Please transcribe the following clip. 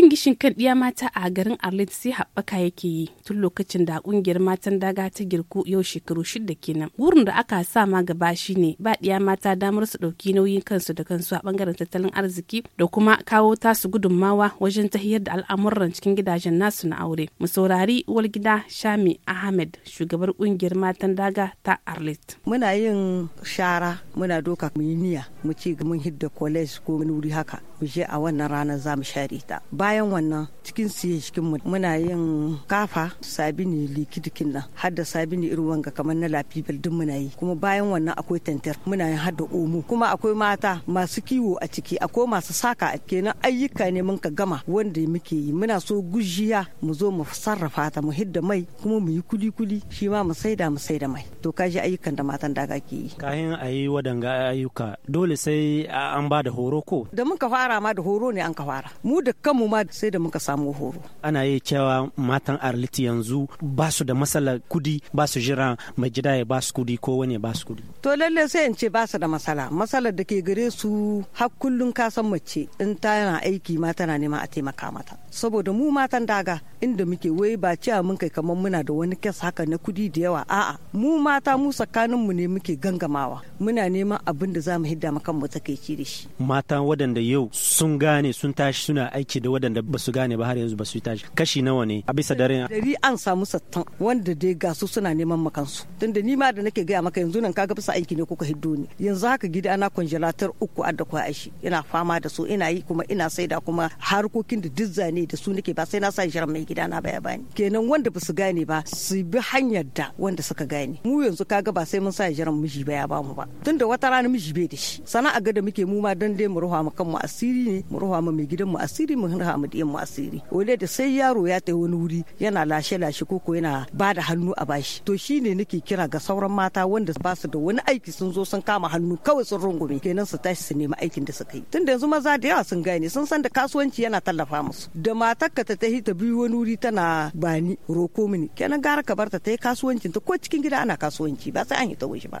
cin gishin kan ɗiya mata a garin arlit sai haɓaka yake yi tun lokacin da ƙungiyar matan daga ta girku yau shekaru shida kenan wurin da aka sa ma gaba ne ba ɗiya mata damar su ɗauki nauyin kansu da kansu a ɓangaren tattalin arziki da kuma kawo tasu gudummawa wajen tahiyar da al'amuran cikin gidajen nasu na aure mu saurari uwar gida shami ahmed shugabar ƙungiyar matan daga ta arlit muna yin shara muna doka mu yi niyya mu ci mun hidda college ko wani wuri haka mu je a wannan ranar za mu share ta bayan wannan cikin siye cikin mu muna yin kafa sabini likidikin nan har da sabini irin wanga kamar na lafibel duk muna yi kuma bayan wannan akwai tantar muna yin har da omo kuma akwai mata masu kiwo a ciki akwai masu saka a kenan ayyuka ne mun ka gama wanda muke yi muna so gujiya mu zo mu sarrafa ta mu hidda mai kuma mu yi kuli kuli shi ma mu saida mu saida mai to kaji ayyukan da matan daga ke yi kayan ayi wadanga ayyuka dole sai an ba da horo ko da mun ka fara ma da horo ne an ka fara mu da kanmu ma sai da muka samu horo ana yi cewa matan arliti yanzu ba su da matsala kudi ba su jira mai gida ya ba su kudi ko wani ba su kudi to lalle sai in ce ba su da matsala matsalar da ke gare su har kullun kasan mace in yana aiki ma tana nema a taimaka mata saboda mu matan daga inda muke wai ba cewa mun kai kamar muna da wani kes haka na kudi da yawa a'a mu mata mu tsakanin mu ne muke gangamawa muna neman abin da zamu hidda makan mu takeici da shi mata wadanda yau sun gane sun tashi suna aiki da wadanda ba su gane ba har yanzu ba su tashi kashi nawa ne a bisa dare dari an samu sattan wanda dai ga su suna neman makansu tunda ni ma da nake gaya maka yanzu nan kaga bisa aiki ne kuka hiddo ni yanzu haka gida ana congelator uku a da aishi ina fama da su ina yi kuma ina saida kuma harkokin da duk zane gane da su nake ba sai na sa jira mai gida na baya bani kenan wanda ba su gane ba su bi hanyar da wanda suka gane mu yanzu kaga ba sai mun sa jira miji ba ya bamu ba tunda wata rana miji bai da shi sana'a ga da muke mu ma dan dai mu ruha mu kanmu asiri ne mu ruha mu mai gidan mu asiri mu ruha mu diyan mu asiri ole da sai yaro ya tai wani wuri yana lashe lashe ko ko yana ba da hannu a bashi to shine nake kira ga sauran mata wanda ba su da wani aiki sun zo sun kama hannu kawai sun rungume kenan su tashi su nemi aikin da suka yi tunda yanzu maza da yawa sun gane sun san da kasuwanci yana tallafa musu da matarka ta tahi ta biyu wani wuri tana bani roko mini kenan gara ka barta ta yi kasuwancin ta ko cikin gida ana kasuwanci ba sai an yi ta wuce ba